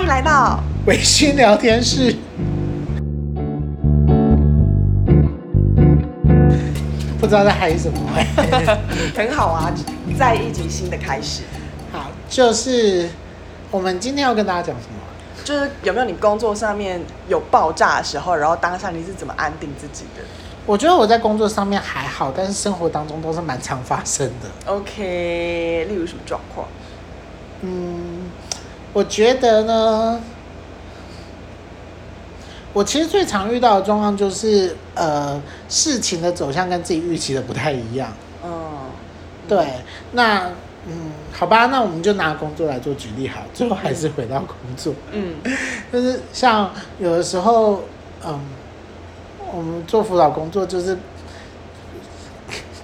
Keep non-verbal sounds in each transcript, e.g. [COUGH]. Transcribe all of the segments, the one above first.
歡迎來到微醺療天室。 [LAUGHS] 不知道在嗨什麼， [LAUGHS] [LAUGHS] 很好啊，在一集新的開始。好，就是我們今天要跟大家講什麼？就是有沒有你工作上面有爆炸的時候，然後當下你是怎麼安定自己的？我覺得我在工作上面還好，但是生活當中都是蠻常發生的。OK，例如什麼狀況？嗯。我覺得呢，我其實最常遇到的狀況就是，呃，事情的走向跟自己預期的不太一樣。嗯，對，那嗯，好吧，那我們就拿工作來做舉例好了，最後還是回到工作。嗯，嗯，就是像有的時候，嗯，我們做輔導工作就是。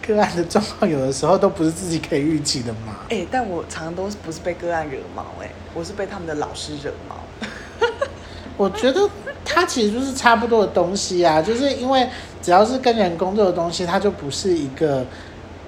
個案的狀況有的時候都不是自己可以預期的嘛。欸，但我常常都是不是被個案惹毛，欸，我是被他們的老師惹毛。 [LAUGHS] 我覺得它其實就是差不多的東西啊，就是因為只要是跟人工作的東西，它就不是一個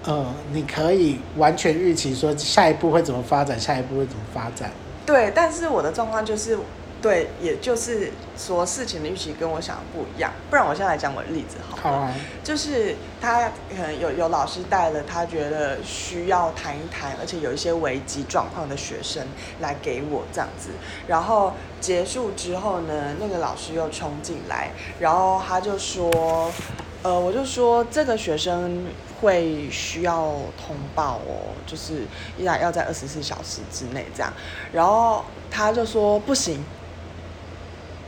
呃，你可以完全預期說下一步會怎麼發展，下一步會怎麼發展。對，但是我的狀況就是。對，也就是說事情的預期跟我想的不一樣。不然我現在來講我的例子好了，好好，就是他可能有有老師帶了，他覺得需要談一談，而且有一些危機狀況的學生來給我這樣子。然後結束之後呢，那個老師又衝進來，然後他就說，呃，我就說這個學生會需要通報哦，就是依然要在二十四小時之內這樣。然後他就說不行。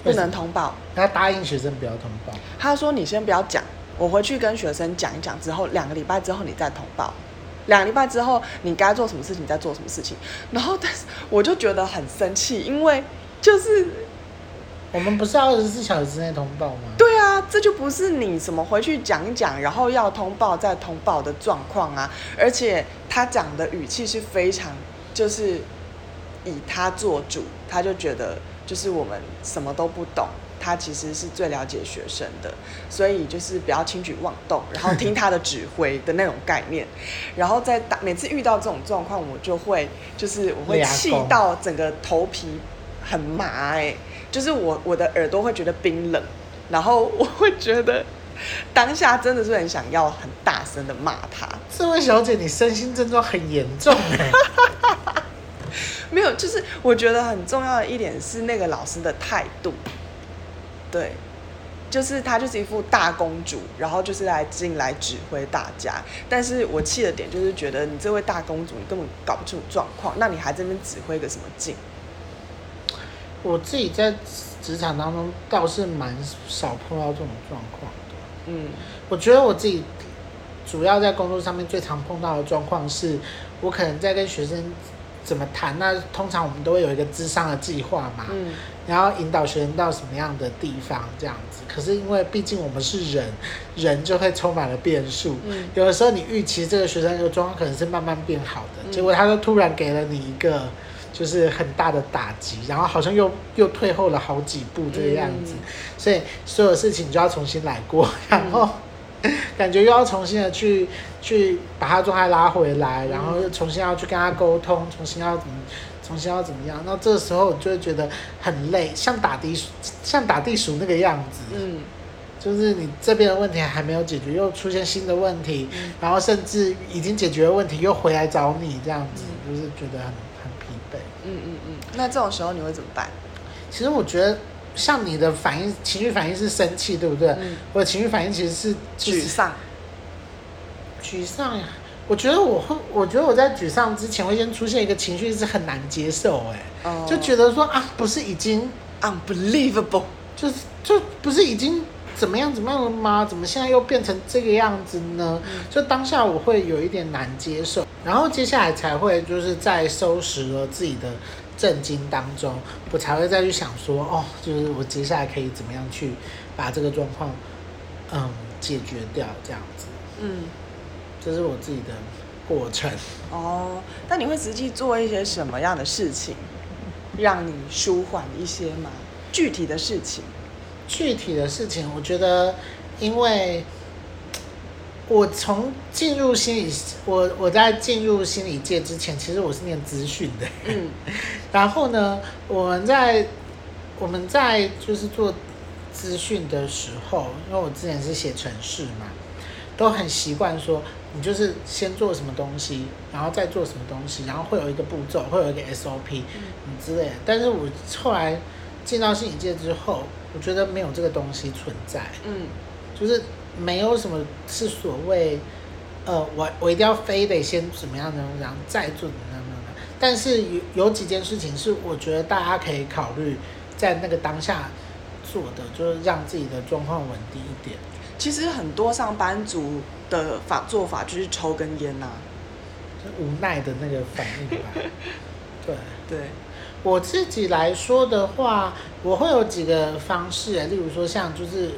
不能通報。他答應學生不要通報。他說：“你先不要講，我回去跟學生講一講之後，兩個禮拜之後你再通報。兩個禮拜之後你該做什麼事情，再做什麼事情。然後，但是我就覺得很生氣，因為就是我們不是二十四小時之內通報嗎？對啊，這就不是你什麼回去講一講，然後要通報再通報的狀況啊。而且他講的語氣是非常，就是以他做主，他就覺得。”就是我們什麼都不懂，他其實是最了解學生的，所以就是不要輕舉妄動，然後聽他的指揮的那種概念。 [LAUGHS] 然後在每次遇到這種狀況，我就會就是我會氣到整個頭皮很麻，欸，哎，就是我我的耳朵會覺得冰冷，然後我會覺得當下真的是很想要很大聲的罵他。這位小姐，你身心症狀很嚴重哎。沒有，就是我覺得很重要的一點是那個老師的態度，對，就是她就是一副大公主，然後就是來進來指揮大家。但是我氣的點就是覺得你這位大公主，你根本搞不出狀況，那你還在那邊指揮個什麼勁？我自己在職場當中倒是蠻少碰到這種狀況的。對，嗯，我覺得我自己主要在工作上面最常碰到的狀況是，我可能在跟學生。怎麼談？那通常我們都會有一個諮商的計劃嘛，嗯、然後引導學生到什麼樣的地方這樣子。可是因為畢竟我們是人，人就會充滿了變數。嗯、有的時候你預期這個學生的狀況可能是慢慢變好的，嗯、結果他就突然給了你一個就是很大的打擊，然後好像又又退後了好幾步這個樣子，嗯、所以所有事情就要重新來過，然後、嗯。 [LAUGHS] 感覺又要重新的去去把他狀態拉回來，嗯、然後又重新要去跟他溝通，重新要怎麼，重新要怎麼樣？那這時候我就會覺得很累，像打地鼠，像打地鼠那個樣子。嗯，就是你這邊的問題還沒有解決，又出現新的問題，嗯、然後甚至已經解決的問題又回來找你這樣子，嗯、就是覺得很很疲憊。嗯嗯嗯，那這種時候你會怎麼辦？其實我覺得。像你的反應，情緒反應是生氣，對不對？嗯。我的情緒反應其實是沮喪。沮喪呀、啊，我覺得我會，我覺得我在沮喪之前，會先出現一個情緒是很難接受、欸，哎、哦，就覺得說啊，不是已經 unbelievable，就是就不是已經怎麼樣怎麼樣了嗎？怎麼現在又變成這個樣子呢？嗯。就當下我會有一點難接受，然後接下來才會就是再收拾了自己的。震驚當中，我才會再去想說，哦，就是我接下來可以怎麼樣去把這個狀況，嗯，解決掉這樣子。嗯，這是我自己的過程。哦，但你會實際做一些什麼樣的事情，讓你舒緩一些嗎？具體的事情？具體的事情，我覺得，因為。我從進入心理，我我在進入心理界之前，其實我是念資訊的。嗯。然後呢，我們在我們在就是做資訊的時候，因為我之前是寫程式嘛，都很習慣說，你就是先做什麼東西，然後再做什麼東西，然後會有一個步驟，會有一個 SOP，嗯，之類的。但是我後來進到心理界之後，我覺得沒有這個東西存在。嗯，就是。沒有什麼是所謂，呃，我我一定要非得先怎麼樣呢，然然後再做怎麼樣呢？但是有有幾件事情是我覺得大家可以考慮在那個當下做的，就是讓自己的狀況穩定一點。其實很多上班族的法做法就是抽根菸啊，無奈的那個反應吧。對 [LAUGHS] 對，對我自己來說的話，我會有幾個方式，例如說像就是。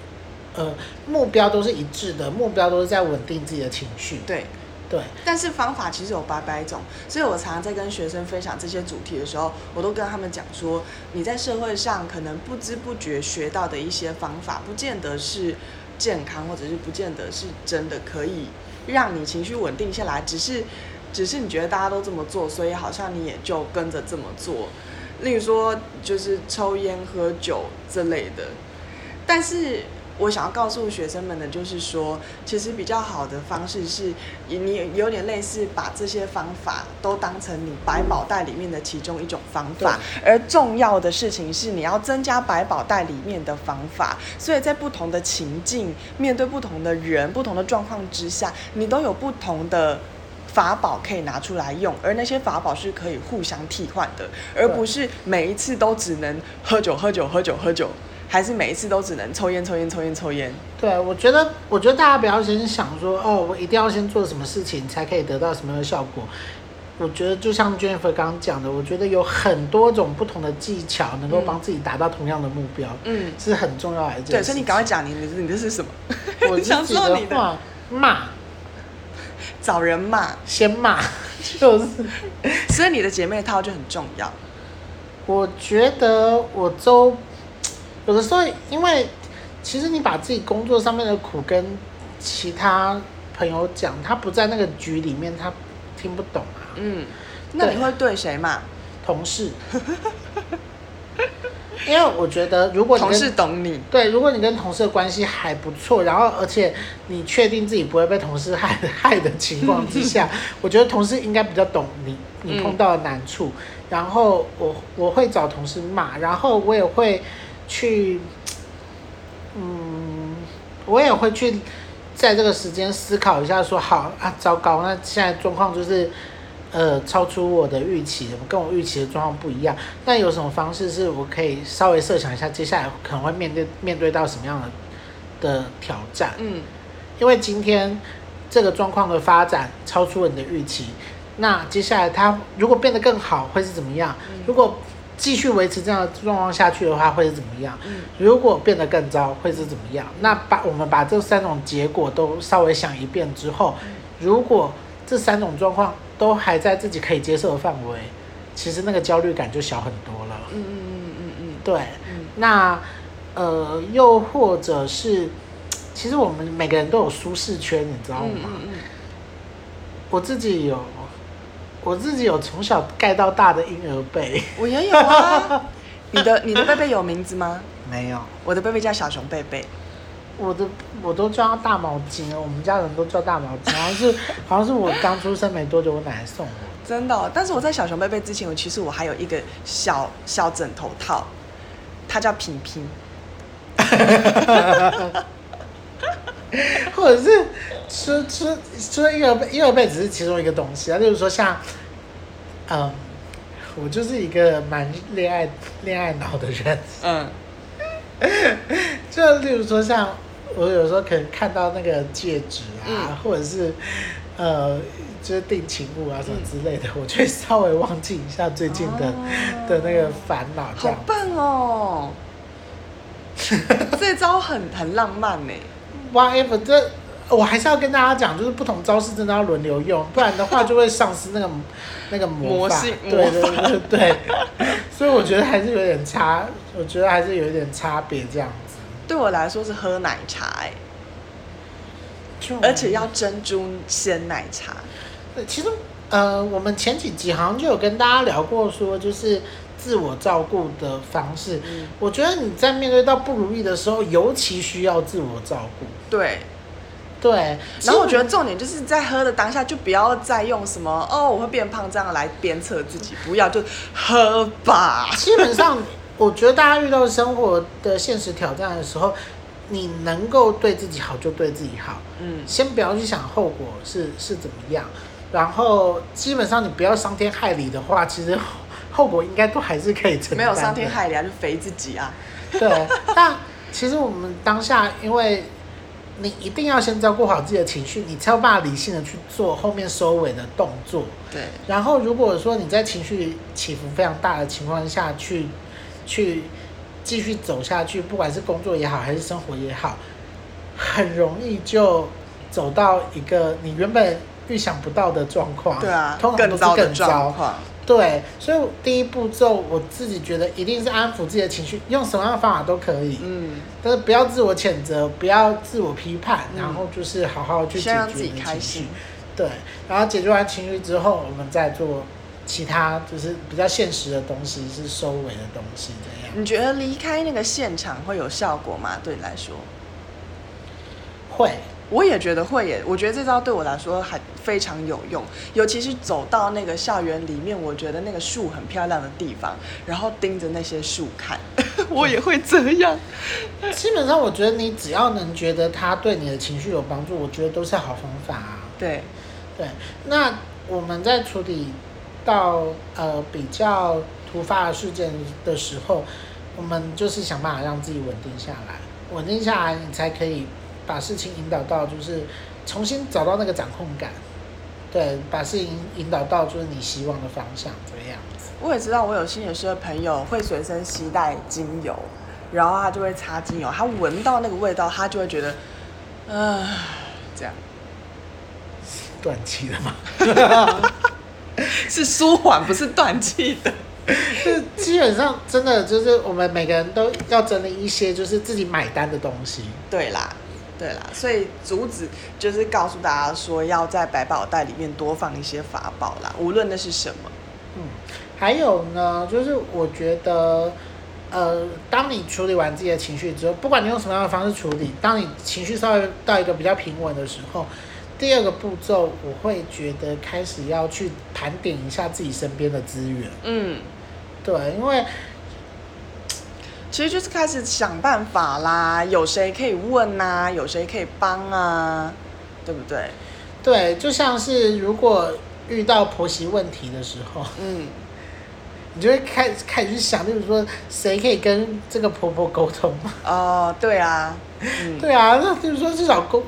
呃，目標都是一致的，目標都是在穩定自己的情緒。對，對。但是方法其實有百百種，所以我常常在跟學生分享這些主題的時候，我都跟他們講說，你在社會上可能不知不覺學到的一些方法，不見得是健康，或者是不見得是真的可以讓你情緒穩定下來。只是，只是你覺得大家都這麼做，所以好像你也就跟着這麼做。例如說，就是抽菸、喝酒之類的，但是。我想要告訴學生們的就是說，其實比較好的方式是，你有點類似把這些方法都當成你百寶袋裡面的其中一種方法。對而重要的事情是，你要增加百寶袋裡面的方法。所以在不同的情境、面對不同的人、不同的狀況之下，你都有不同的法寶可以拿出來用，而那些法寶是可以互相替換的，而不是每一次都只能喝酒、喝酒、喝酒、喝酒。還是每一次都只能抽煙、抽煙、抽煙、抽煙。對，我覺得，我覺得大家不要先想說，哦，我一定要先做什麼事情才可以得到什麼樣的效果。我覺得，就像 Jennifer 剛剛講的，我覺得有很多種不同的技巧能夠幫自己達到同樣的目標。嗯，是很重要的、嗯。還是。對，所以你趕快講你，你你是你這是什麼？ [LAUGHS] 我想說你，你的話，罵，找人罵，先罵，就是。 [LAUGHS] 所以你的姐妹套就很重要。我覺得我周。有的時候，因為其實你把自己工作上面的苦跟其他朋友講，他不在那個局裡面，他聽不懂啊。嗯，那你會對誰罵？同事。 [LAUGHS] 因為我覺得，如果同事懂你，對，如果你跟同事的關係還不錯，然後而且你確定自己不會被同事害害的情況之下， [LAUGHS] 我覺得同事應該比較懂你，你碰到的難處，嗯、然後我我會找同事罵，然後我也會。去，嗯，我也會去在這個時間思考一下說，說好啊，糟糕，那現在狀況就是，呃，超出我的預期，跟我預期的狀況不一樣。那有什麼方式是我可以稍微設想一下，接下來可能會面對面對到什麼樣的的挑戰？嗯，因為今天這個狀況的發展超出你的預期，那接下來它如果變得更好，會是怎麼樣？嗯，如果繼續維持這樣的狀況下去的話，會是怎麼樣？嗯、如果變得更糟，會是怎麼樣？那把我們把這三種結果都稍微想一遍之後，嗯、如果這三種狀況都還在自己可以接受的範圍，其實那個焦慮感就小很多了。嗯嗯嗯嗯嗯，對。嗯、那呃，又或者是，其實我們每個人都有舒適圈，你知道嗎？嗯嗯嗯、我自己有。我自己有從小蓋到大的嬰兒被， [LAUGHS] 我也有啊。你的你的貝貝有名字嗎？沒有，我的貝貝叫小熊貝貝。我的我都叫大毛巾，我們家人都叫大毛巾，好像是好像是我剛出生沒多久，我奶奶送我。真的哦，但是我在小熊貝貝之前，我其實我還有一個小小枕頭套，它叫平平。或者是。說說說，嬰兒嬰兒背只是其中一個東西啊，例如說像、嗯，我就是一個蠻戀愛戀愛腦的人，嗯，就例如說像我有時候可能看到那個戒指啊，嗯、或者是呃，就是定情物啊什麼之類的，嗯、我會稍微忘記一下最近的、哦、的那個煩惱，好笨哦， [LAUGHS] 這招很很浪漫誒 o e F 這。Whatever, 我還是要跟大家講，就是不同招式真的要輪流用，不然的話就會喪失那個 [LAUGHS] 那個魔法。魔系對對對 [LAUGHS] 對，所以我覺得還是有點差，我覺得還是有一點差別這樣子。對我來說是喝奶茶哎、欸，而且要珍珠鮮奶茶。對，其實呃，我們前幾集好像就有跟大家聊過說，說就是自我照顧的方式。嗯、我覺得你在面對到不如意的時候，尤其需要自我照顧。對。對，然後我覺得重點就是在喝的當下，就不要再用什麼哦，我會變胖這樣來鞭策自己，不要就喝吧。基本上， [LAUGHS] 我覺得大家遇到生活的現實挑戰的時候，你能夠對自己好就對自己好，嗯，先不要去想後果是是怎麼樣。然後基本上你不要傷天害理的話，其實後果應該都還是可以承擔的。沒有傷天害理啊，就肥自己啊。對。但 [LAUGHS] 其實我們當下因為。你一定要先照顧好自己的情緒，你才有辦法理性的去做後面收尾的動作。對，然後如果說你在情緒起伏非常大的情況下去，去繼續走下去，不管是工作也好，還是生活也好，很容易就走到一個你原本預想不到的狀況。對啊，通常都是更糟，更糟的狀況。對，所以第一步驟，我自己覺得一定是安撫自己的情緒，用什麼樣的方法都可以，嗯，但是不要自我譴責，不要自我批判，嗯，然後就是好好去解決情緒。對，然後解決完情緒之後，我們再做其他，就是比較現實的東西，是收尾的東西，這樣。你覺得離開那個現場會有效果嗎？對你來說，會。我也覺得會耶，我覺得這招對我來說還非常有用，尤其是走到那個校園裡面，我覺得那個樹很漂亮的地方，然後盯着那些樹看， [LAUGHS] 我也會這樣。嗯、基本上，我覺得你只要能覺得它對你的情緒有幫助，我覺得都是好方法啊。對，對。那我們在處理到呃比較突發的事件的時候，我們就是想辦法讓自己穩定下來，穩定下來你才可以。把事情引導到就是重新找到那個掌控感，對，把事情引導到就是你希望的方向，怎麼樣子？我也知道，我有心理師的朋友會隨身攜帶精油，然後他就會擦精油，他聞到那個味道，他就會覺得，啊、呃，這樣斷氣了嗎？ [LAUGHS] [LAUGHS] 是舒緩，不是斷氣的。基本上真的就是我們每個人都要整理一些就是自己買單的東西，對啦。對啦，所以主旨就是告訴大家說，要在百寶袋裡面多放一些法寶啦，無論那是什麼。嗯，還有呢，就是我覺得，呃，當你處理完自己的情緒之後，不管你用什麼樣的方式處理，嗯，當你情緒稍微到一個比較平穩的時候，第二個步驟我會覺得開始要去盤點一下自己身邊的資源。嗯，對，因為。其實就是開始想辦法啦，有誰可以問啊？有誰可以幫啊？對不對？對，就像是如果遇到婆媳問題的時候，嗯，你就會開始開始去想，例如說誰可以跟這個婆婆溝通？哦，對啊，嗯、對啊，那例如說是找公，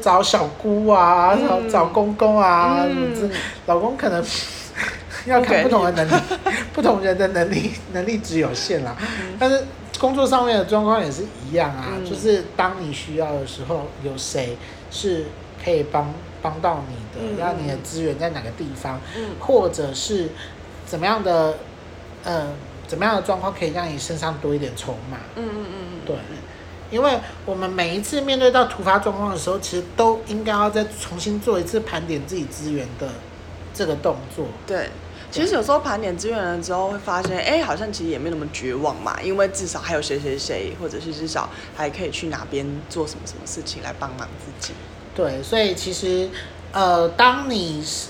找小姑啊，嗯、找找公公啊，嗯、老公可能 [LAUGHS] 要看不同的能力，Okay. [LAUGHS] 不同人的能力能力值有限啦，嗯、但是。工作上面的狀況也是一樣啊，嗯、就是當你需要的時候，有誰是可以幫幫到你的？讓、嗯、你的資源在哪個地方？嗯、或者是怎麼樣的，嗯、呃，怎麼樣的狀況可以讓你身上多一點籌碼、嗯？嗯嗯嗯，對，因為我們每一次面對到突發狀況的時候，其實都應該要再重新做一次盤點自己資源的這個動作。對。其實有時候盤點資源了之後，會發現，哎、欸，好像其實也沒那麼絕望嘛，因為至少還有誰誰誰，或者是至少還可以去哪邊做什麼什麼事情來幫忙自己。對，所以其實，呃，當你是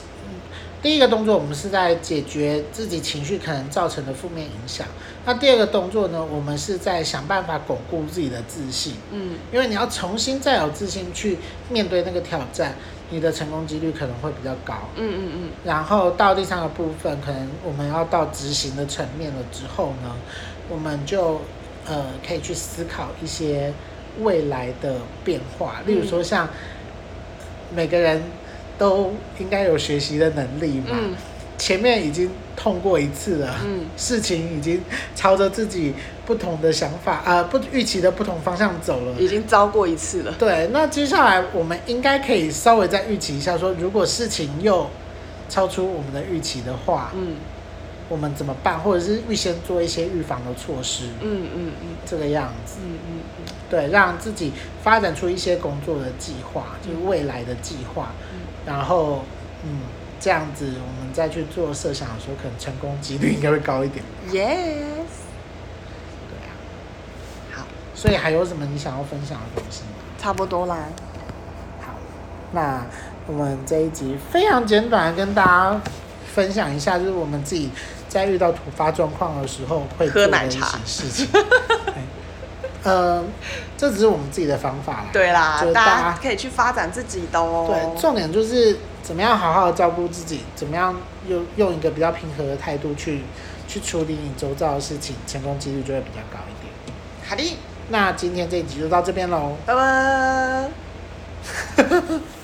第一個動作，我們是在解決自己情緒可能造成的負面影響；那第二個動作呢，我們是在想辦法鞏固自己的自信。嗯，因為你要重新再有自信去面對那個挑戰。你的成功幾率可能會比較高。嗯。嗯嗯嗯。然後到第三個部分，可能我們要到執行的層面了之後呢，我們就呃可以去思考一些未來的變化，例如說像每個人都應該有學習的能力嘛。嗯嗯前面已經痛過一次了，嗯，事情已經朝着自己不同的想法，呃，不預期的不同方向走了，已經遭過一次了。對，那接下來我們應該可以稍微再預期一下說，說如果事情又超出我們的預期的話，嗯，我們怎麼辦？或者是預先做一些預防的措施？嗯嗯嗯，嗯嗯這個樣子，嗯嗯嗯，嗯對，讓自己發展出一些工作的計劃，就是未來的計劃，嗯、然後，嗯。這樣子，我們再去做設想的時候，可能成功幾率應該會高一點。Yes，對啊，好。所以還有什麼你想要分享的東西？差不多啦。好，那我們這一集非常簡短的跟大家分享一下，就是我們自己在遇到突發狀況的時候會做的一些事情奶。 [LAUGHS] 呃，這只是我們自己的方法啦。對啦，就是大家，大家可以去發展自己的哦。對，重點就是。怎麼樣好好照顧自己？怎麼樣用一個比較平和的態度去去處理你周遭的事情，成功機率就會比較高一點。好的，那今天這一集就到這邊嘍，拜拜。 [LAUGHS]